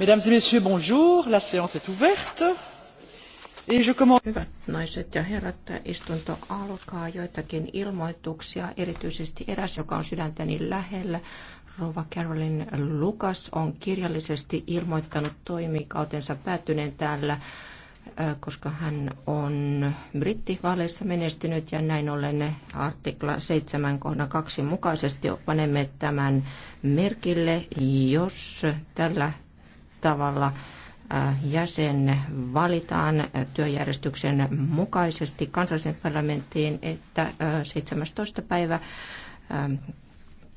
Mesdames et messieurs, bonjour. La séance est ouverte. Et je commence... Hyvät naiset ja herrat, istunto alkaa joitakin ilmoituksia, erityisesti eräs, joka on sydäntäni lähellä. Rova Carolyn Lucas on kirjallisesti ilmoittanut toimikautensa päättyneen täällä koska hän on brittivaaleissa menestynyt ja näin ollen artikla 7 kohdan 2 mukaisesti panemme tämän merkille, jos tällä tavalla jäsen valitaan työjärjestyksen mukaisesti kansallisen parlamenttiin, että 17. päivä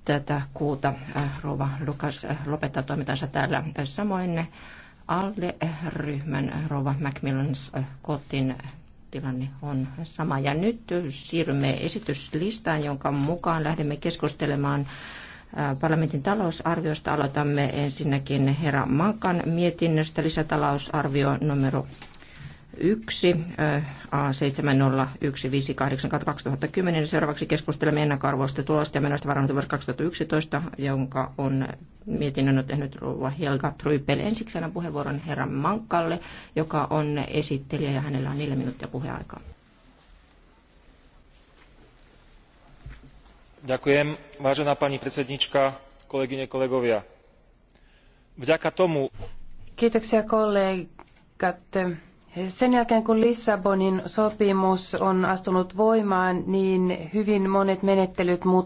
tätä kuuta Rova Lukas lopettaa toimintansa täällä. Samoin alle ryhmän Rova Macmillans kotin tilanne on sama. Ja nyt siirrymme esityslistaan, jonka mukaan lähdemme keskustelemaan Parlamentin talousarviosta aloitamme ensinnäkin herra Mankan mietinnöstä lisätalousarvio numero 1 A701582-2010. Seuraavaksi keskustelemme ennakkoarvoista tulosta ja menoista varannut vuosi 2011, jonka on mietinnön on tehnyt rouva Helga Trypel. Ensiksi annan puheenvuoron herran Mankalle, joka on esittelijä ja hänellä on 4 minuuttia puheaikaa. Kiitoksia kollegat. Sen jälkeen kun Lissabonin sopimus on astunut voimaan, niin hyvin monet menettelyt muuttuvat